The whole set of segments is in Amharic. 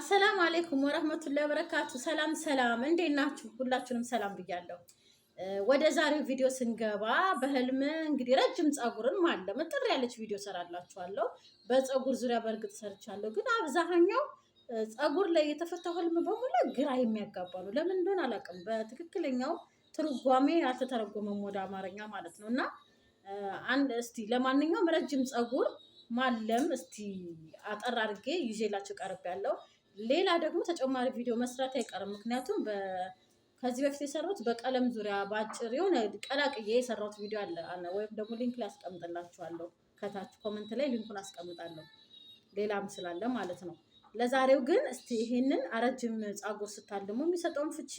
አሰላሙ አሌይኩም ወረህመቱላሂ በረካቱ። ሰላም ሰላም፣ እንዴት ናችሁ? ሁላችሁንም ሰላም ብያለሁ። ወደ ዛሬው ቪዲዮ ስንገባ በህልም እንግዲህ ረጅም ፀጉርን ማለም ጥር ያለች ቪዲዮ ሰራላችኋለሁ። በፀጉር ዙሪያ በእርግጥ ሰርቻለሁ፣ ግን አብዛኛው ፀጉር ላይ የተፈታው ህልም በሙሉ ግራ የሚያጋባ ነው። ለምን እንደሆነ አላውቅም። በትክክለኛው ትርጓሜ አልተተረጎመም ወደ አማርኛ ማለት ነው። እና አንድ እስቲ ለማንኛውም ረጅም ፀጉር ማለም እስቲ አጠር አድርጌ ይዤላችሁ ቀርብ ያለው ሌላ ደግሞ ተጨማሪ ቪዲዮ መስራት አይቀርም። ምክንያቱም ከዚህ በፊት የሰራሁት በቀለም ዙሪያ በአጭር የሆነ ቀላቅዬ የሰራሁት ቪዲዮ አለ፣ ወይም ደግሞ ሊንክ ላይ አስቀምጥላችኋለሁ። ከታች ኮመንት ላይ ሊንኩን አስቀምጣለሁ። ሌላ ምስል አለ ማለት ነው። ለዛሬው ግን እስቲ ይሄንን አረጅም ጸጉር ስታልሙ የሚሰጠውን ፍቺ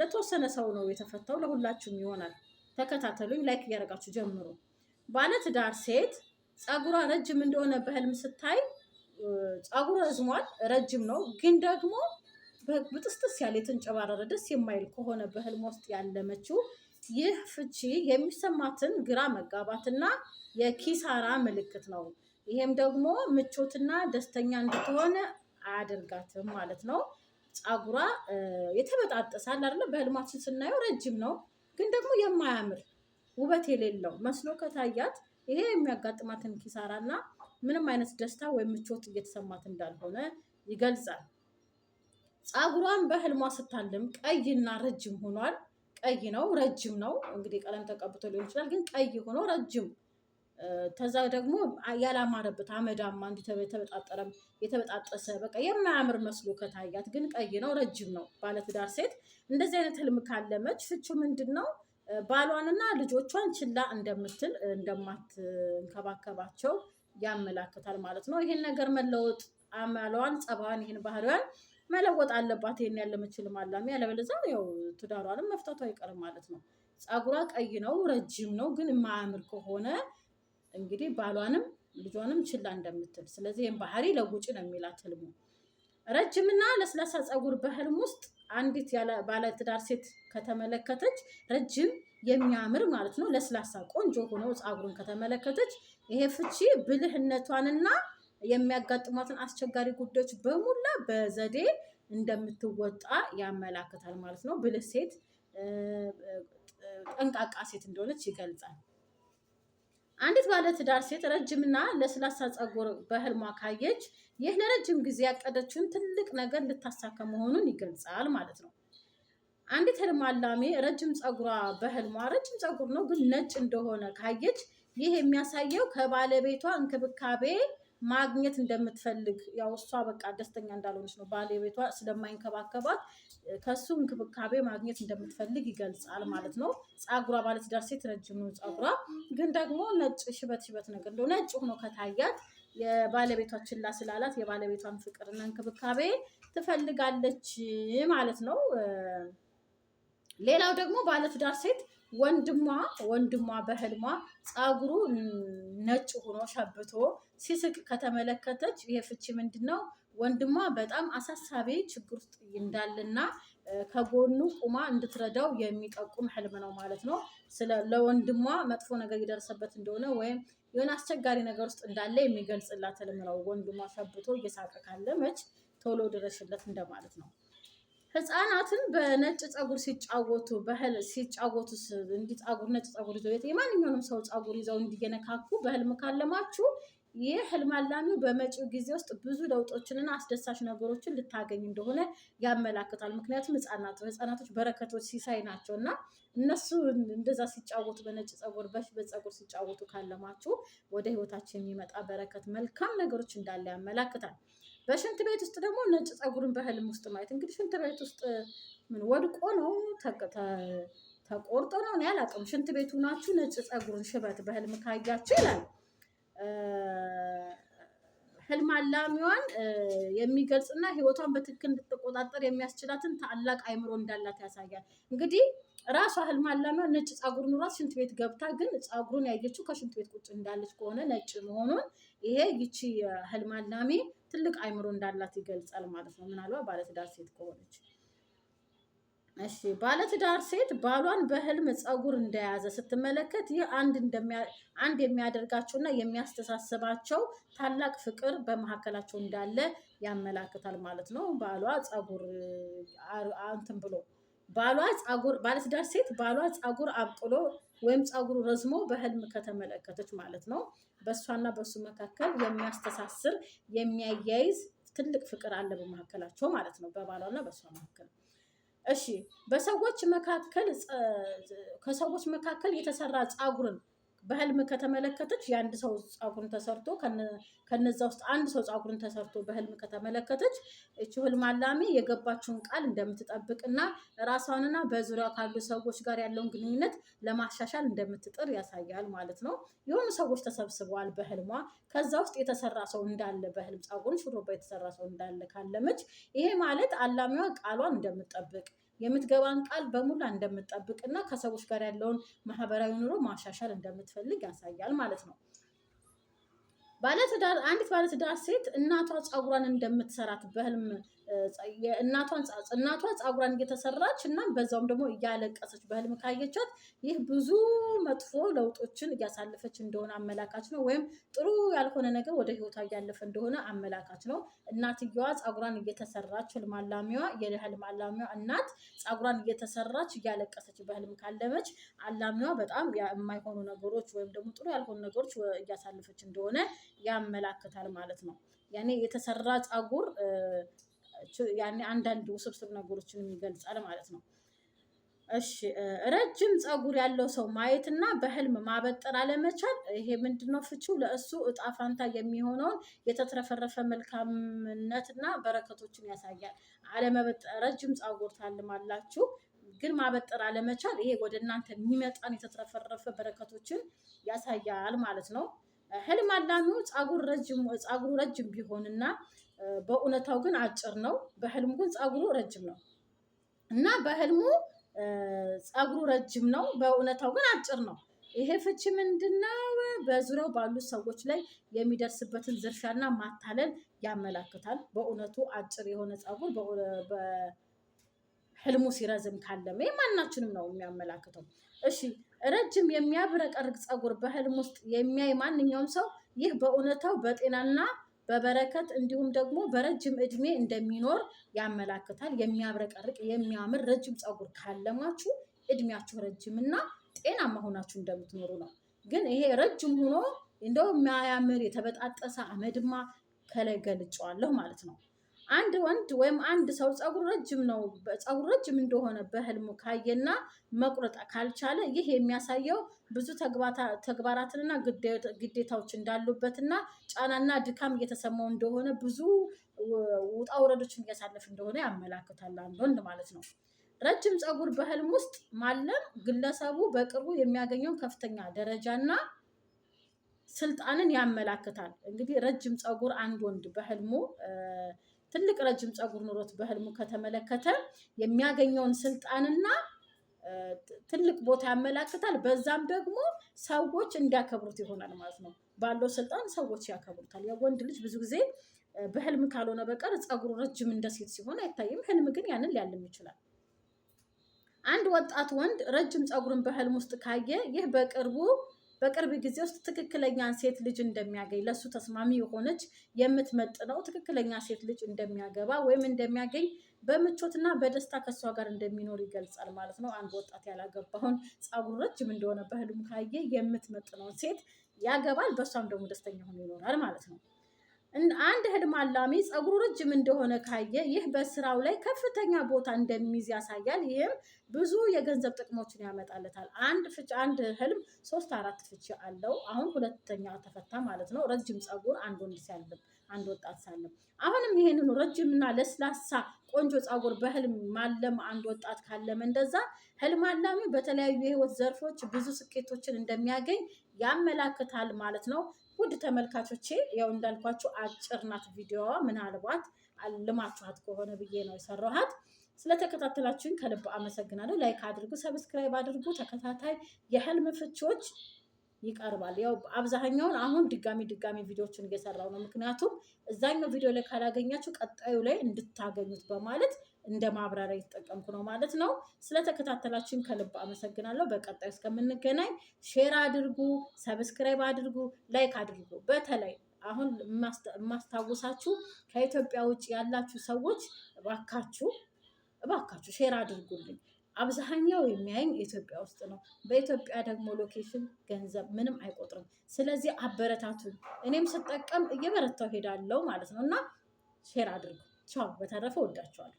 ለተወሰነ ሰው ነው የተፈታው፣ ለሁላችሁም ይሆናል። ተከታተሉኝ፣ ላይክ እያደረጋችሁ ጀምሩ። ባለትዳር ሴት ጸጉሯ ረጅም እንደሆነ በህልም ስታይ ፀጉር እዝሟል ረጅም ነው። ግን ደግሞ ብጥስጥስ ያለ የተንጨባረረ ደስ የማይል ከሆነ በህልም ውስጥ ያለመችው ይህ ፍቺ የሚሰማትን ግራ መጋባትና የኪሳራ ምልክት ነው። ይሄም ደግሞ ምቾትና ደስተኛ እንድትሆነ አያደርጋትም ማለት ነው። ፀጉሯ የተበጣጠሳል አለ በህልማችን ስናየው ረጅም ነው፣ ግን ደግሞ የማያምር ውበት የሌለው መስሎ ከታያት ይሄ የሚያጋጥማትን ኪሳራና ምንም አይነት ደስታ ወይም ምቾት እየተሰማት እንዳልሆነ ይገልጻል። ፀጉሯን በህልሟ ስታልም ቀይና ረጅም ሆኗል። ቀይ ነው፣ ረጅም ነው። እንግዲህ ቀለም ተቀብቶ ሊሆን ይችላል፣ ግን ቀይ ሆኖ ረጅም ተዛ ደግሞ ያላማረበት አመዳማ እንዲ የተበጣጠረም የተበጣጠሰ በቃ የማያምር መስሎ ከታያት ግን ቀይ ነው፣ ረጅም ነው። ባለትዳር ሴት እንደዚህ አይነት ህልም ካለመች ፍቹ ምንድን ነው? ባሏንና ልጆቿን ችላ እንደምትል እንደማትንከባከባቸው ያመላክታል ማለት ነው። ይህን ነገር መለወጥ አማሏን፣ ጸባዋን፣ ይህን ባህሪዋን መለወጥ አለባት። ይህን ያለመችል ማላሚ ያለበለዛ ያው ትዳሯንም መፍታቱ አይቀርም ማለት ነው። ጸጉሯ ቀይ ነው፣ ረጅም ነው፣ ግን የማያምር ከሆነ እንግዲህ ባሏንም ልጇንም ችላ እንደምትል ስለዚህ ይህም ባህሪ ለውጭ ነው የሚላት ህልሙ። ረጅምና ለስላሳ ጸጉር በህልም ውስጥ አንዲት ባለትዳር ሴት ከተመለከተች ረጅም የሚያምር ማለት ነው ለስላሳ ቆንጆ ሆኖ ጸጉሩን ከተመለከተች ይሄ ፍቺ ብልህነቷንና የሚያጋጥሟትን አስቸጋሪ ጉዳዮች በሙላ በዘዴ እንደምትወጣ ያመላክታል ማለት ነው። ብልህ ሴት፣ ጠንቃቃ ሴት እንደሆነች ይገልጻል። አንዲት ባለትዳር ሴት ረጅምና ለስላሳ ፀጉር በህልሟ ካየች ይህ ለረጅም ጊዜ ያቀደችውን ትልቅ ነገር ልታሳካ መሆኑን ይገልጻል ማለት ነው። አንዲት ህልም አላሜ ረጅም ፀጉሯ በህልሟ ረጅም ፀጉር ነው ግን ነጭ እንደሆነ ካየች ይህ የሚያሳየው ከባለቤቷ እንክብካቤ ማግኘት እንደምትፈልግ ያው እሷ በቃ ደስተኛ እንዳልሆነች ነው። ባለቤቷ ስለማይንከባከባት ከሱ እንክብካቤ ማግኘት እንደምትፈልግ ይገልጻል ማለት ነው። ፀጉሯ ባለትዳር ሴት ረጅም ነው ፀጉሯ፣ ግን ደግሞ ነጭ ሽበት ሽበት ነገር እንደው ነጭ ሆኖ ከታያት የባለቤቷ ችላ ስላላት የባለቤቷን ፍቅርና እንክብካቤ ትፈልጋለች ማለት ነው። ሌላው ደግሞ ባለትዳር ሴት ወንድሟ ወንድሟ በህልሟ ፀጉሩ ነጭ ሆኖ ሸብቶ ሲስቅ ከተመለከተች ይሄ ፍቺ ምንድን ነው? ወንድሟ በጣም አሳሳቢ ችግር ውስጥ እንዳለና ከጎኑ ቁማ እንድትረዳው የሚጠቁም ህልም ነው ማለት ነው። ስለ ለወንድሟ መጥፎ ነገር የደረሰበት እንደሆነ ወይም የሆነ አስቸጋሪ ነገር ውስጥ እንዳለ የሚገልጽላት ህልም ነው። ወንድሟ ሸብቶ እየሳቀ መች ቶሎ ድረሽለት እንደማለት ነው። ህፃናትን በነጭ ፀጉር ሲጫወቱ በህል ሲጫወቱ እንዲህ ፀጉር ነጭ ፀጉር ይዘው የማንኛውንም ሰው ፀጉር ይዘው እንዲገነካኩ በህልም ካለማችሁ ይህ ህልም አላሚ በመጪው ጊዜ ውስጥ ብዙ ለውጦችንና አስደሳች ነገሮችን ልታገኝ እንደሆነ ያመላክታል። ምክንያቱም ህጻናት ህጻናቶች በረከቶች ሲሳይ ናቸው እና እነሱ እንደዛ ሲጫወቱ በነጭ ጸጉር በሽ በጸጉር ሲጫወቱ ካለማችሁ ወደ ህይወታችን የሚመጣ በረከት መልካም ነገሮች እንዳለ ያመላክታል። በሽንት ቤት ውስጥ ደግሞ ነጭ ጸጉርን በህልም ውስጥ ማየት እንግዲህ ሽንት ቤት ውስጥ ምን ወድቆ ነው ተቆርጦ ነው ያላቅም ሽንት ቤቱ ናችሁ ነጭ ጸጉርን ሽበት በህልም ካያችሁ ይላል። ህልም አላሚዋን የሚገልጽና ህይወቷን በትክክል እንድትቆጣጠር የሚያስችላትን ታላቅ አይምሮ እንዳላት ያሳያል። እንግዲህ ራሷ ህልም አላሚዋ ነጭ ፀጉር ኑሯት ሽንት ቤት ገብታ ግን ፀጉሩን ያየችው ከሽንት ቤት ቁጭ እንዳለች ከሆነ ነጭ መሆኑን ይሄ ይቺ ህልም አላሚ ትልቅ አይምሮ እንዳላት ይገልጻል ማለት ነው። ምናልባት ባለትዳር ሴት ከሆነች እሺ ባለትዳር ሴት ባሏን በህልም ፀጉር እንደያዘ ስትመለከት ይህ አንድ እንደሚያ አንድ የሚያደርጋቸውና የሚያስተሳስባቸው ታላቅ ፍቅር በመካከላቸው እንዳለ ያመላክታል ማለት ነው። ባሏ ፀጉር እንትን ብሎ ባሏ ፀጉር ባለትዳር ሴት ባሏ ፀጉር አብቅሎ ወይም ፀጉሩ ረዝሞ በህልም ከተመለከተች ማለት ነው በእሷና በእሱ መካከል የሚያስተሳስር የሚያያይዝ ትልቅ ፍቅር አለ በመካከላቸው ማለት ነው በባሏና በእሷ መካከል እሺ በሰዎች መካከል ከሰዎች መካከል የተሰራ ፀጉርን በህልም ከተመለከተች የአንድ ሰው ፀጉርን ተሰርቶ ከነዛ ውስጥ አንድ ሰው ፀጉርን ተሰርቶ በህልም ከተመለከተች እቺ ህልም አላሚ የገባችውን ቃል እንደምትጠብቅና ራሷንና በዙሪያ ካሉ ሰዎች ጋር ያለውን ግንኙነት ለማሻሻል እንደምትጥር ያሳያል ማለት ነው። የሆኑ ሰዎች ተሰብስበዋል በህልሟ ከዛ ውስጥ የተሰራ ሰው እንዳለ በህልም ፀጉርን ሹሩባ የተሰራ ሰው እንዳለ ካለመች ይሄ ማለት አላሚዋ ቃሏን እንደምትጠብቅ የምትገባን ቃል በሙላ እና ከሰዎች ጋር ያለውን ማህበራዊ ኑሮ ማሻሻል እንደምትፈልግ ያሳያል ማለት ነው። ባለትዳር አንዲት ባለትዳር ሴት እናቷ ፀጉሯን እንደምትሰራት በህልም እናቷን እናቷ ፀጉሯን እየተሰራች እና በዛውም ደግሞ እያለቀሰች በህልም ካየቻት ይህ ብዙ መጥፎ ለውጦችን እያሳለፈች እንደሆነ አመላካች ነው። ወይም ጥሩ ያልሆነ ነገር ወደ ህይወቷ እያለፈ እንደሆነ አመላካች ነው። እናትየዋ ፀጉሯን እየተሰራች ህልም አላሚዋ የህልም አላሚዋ እናት ፀጉሯን እየተሰራች እያለቀሰች በህልም ካለመች አላሚዋ በጣም የማይሆኑ ነገሮች ወይም ደግሞ ጥሩ ያልሆኑ ነገሮች እያሳለፈች እንደሆነ ያመላክታል ማለት ነው። ያኔ የተሰራ ፀጉር ያኔ አንዳንድ ውስብስብ ነገሮችን የሚገልጻል ማለት ነው። እሺ ረጅም ፀጉር ያለው ሰው ማየትና በህልም ማበጠር አለመቻል፣ ይሄ ምንድነው ፍቺው? ለእሱ እጣ ፋንታ የሚሆነውን የተትረፈረፈ መልካምነትና በረከቶችን ያሳያል። አለመበጠር ረጅም ፀጉር ታልማላችሁ፣ ግን ማበጠር አለመቻል፣ ይሄ ወደ እናንተ የሚመጣን የተትረፈረፈ በረከቶችን ያሳያል ማለት ነው። ህልም አላሚው ፀጉር ረጅም ቢሆንና በእውነታው ግን አጭር ነው። በህልሙ ግን ፀጉሩ ረጅም ነው እና በህልሙ ፀጉሩ ረጅም ነው፣ በእውነታው ግን አጭር ነው። ይሄ ፍቺ ምንድን ነው? በዙሪያው ባሉ ሰዎች ላይ የሚደርስበትን ዝርፊያና ማታለል ያመላክታል። በእውነቱ አጭር የሆነ ፀጉር በህልሙ ሲረዝም ካለመ ማናችንም ነው የሚያመላክተው። እሺ ረጅም የሚያብረቀርግ ፀጉር በህልም ውስጥ የሚያይ ማንኛውም ሰው ይህ በእውነታው በጤናና በበረከት እንዲሁም ደግሞ በረጅም እድሜ እንደሚኖር ያመላክታል። የሚያብረቀርቅ የሚያምር ረጅም ፀጉር ካለማችሁ እድሜያችሁ ረጅም እና ጤናማ ሆናችሁ እንደምትኖሩ ነው። ግን ይሄ ረጅም ሆኖ እንደው የሚያያምር የተበጣጠሰ አመድማ ከላይ ገልጫዋለሁ ማለት ነው። አንድ ወንድ ወይም አንድ ሰው ፀጉር ረጅም ነው ፀጉር ረጅም እንደሆነ በህልሙ ካየና መቁረጥ ካልቻለ ይህ የሚያሳየው ብዙ ተግባራትንና ግዴታዎች እንዳሉበትና ጫናና ድካም እየተሰማው እንደሆነ ብዙ ውጣ ውረዶችን እያሳለፍ እንደሆነ ያመላክታል። አንድ ወንድ ማለት ነው። ረጅም ፀጉር በህልም ውስጥ ማለም ግለሰቡ በቅርቡ የሚያገኘውን ከፍተኛ ደረጃና ስልጣንን ያመላክታል። እንግዲህ ረጅም ፀጉር አንድ ወንድ በህልሙ ትልቅ ረጅም ፀጉር ኑሮት በህልሙ ከተመለከተ የሚያገኘውን ስልጣንና ትልቅ ቦታ ያመላክታል። በዛም ደግሞ ሰዎች እንዲያከብሩት ይሆናል ማለት ነው። ባለው ስልጣን ሰዎች ያከብሩታል። የወንድ ልጅ ብዙ ጊዜ በህልም ካልሆነ በቀር ፀጉሩ ረጅም እንደ ሴት ሲሆን አይታይም። ህልም ግን ያንን ሊያልም ይችላል። አንድ ወጣት ወንድ ረጅም ፀጉርን በህልም ውስጥ ካየ ይህ በቅርቡ በቅርብ ጊዜ ውስጥ ትክክለኛ ሴት ልጅ እንደሚያገኝ ለእሱ ተስማሚ የሆነች የምትመጥነው ትክክለኛ ሴት ልጅ እንደሚያገባ ወይም እንደሚያገኝ በምቾትና በደስታ ከእሷ ጋር እንደሚኖር ይገልጻል ማለት ነው። አንድ ወጣት ያላገባውን ፀጉር ረጅም እንደሆነ በህልሙ ካየ የምትመጥነውን ሴት ያገባል። በእሷም ደግሞ ደስተኛ ሆኖ ይኖራል ማለት ነው። አንድ ህልም አላሚ ፀጉሩ ረጅም እንደሆነ ካየ ይህ በስራው ላይ ከፍተኛ ቦታ እንደሚይዝ ያሳያል። ይህም ብዙ የገንዘብ ጥቅሞችን ያመጣለታል። አንድ ፍች አንድ ህልም ሶስት አራት ፍች አለው። አሁን ሁለተኛ ተፈታ ማለት ነው። ረጅም ፀጉር አንድ ወንድ ሲያልም አንድ ወጣት ሳለም አሁንም ይሄንኑ ረጅምና ለስላሳ ቆንጆ ፀጉር በህልም ማለም አንድ ወጣት ካለም እንደዛ ህልም አላሚ በተለያዩ የህይወት ዘርፎች ብዙ ስኬቶችን እንደሚያገኝ ያመላክታል ማለት ነው። ውድ ተመልካቾቼ ያው እንዳልኳችሁ አጭር ናት ቪዲዮዋ። ምናልባት አልማችኋት ከሆነ ብዬ ነው የሰራኋት። ስለተከታተላችሁኝ ከልብ አመሰግናለሁ። ላይክ አድርጉ፣ ሰብስክራይብ አድርጉ። ተከታታይ የህልም ፍቺዎች ይቀርባል። ያው አብዛኛውን አሁን ድጋሚ ድጋሚ ቪዲዮዎችን እየሰራው ነው። ምክንያቱም እዛኛው ቪዲዮ ላይ ካላገኛችሁ ቀጣዩ ላይ እንድታገኙት በማለት እንደ ማብራሪያ የተጠቀምኩ ነው ማለት ነው። ስለተከታተላችሁኝ ከልብ አመሰግናለሁ። በቀጣዩ እስከምንገናኝ ሼር አድርጉ፣ ሰብስክራይብ አድርጉ፣ ላይክ አድርጉ። በተለይ አሁን የማስታውሳችሁ ከኢትዮጵያ ውጭ ያላችሁ ሰዎች እባካችሁ እባካችሁ ሼር አድርጉልኝ። አብዛኛው የሚያይም ኢትዮጵያ ውስጥ ነው። በኢትዮጵያ ደግሞ ሎኬሽን ገንዘብ ምንም አይቆጥርም። ስለዚህ አበረታቱን። እኔም ስጠቀም እየበረታው ሄዳለው ማለት ነው እና ሼር አድርጉ። ቻው። በተረፈ ወዳቸዋለሁ።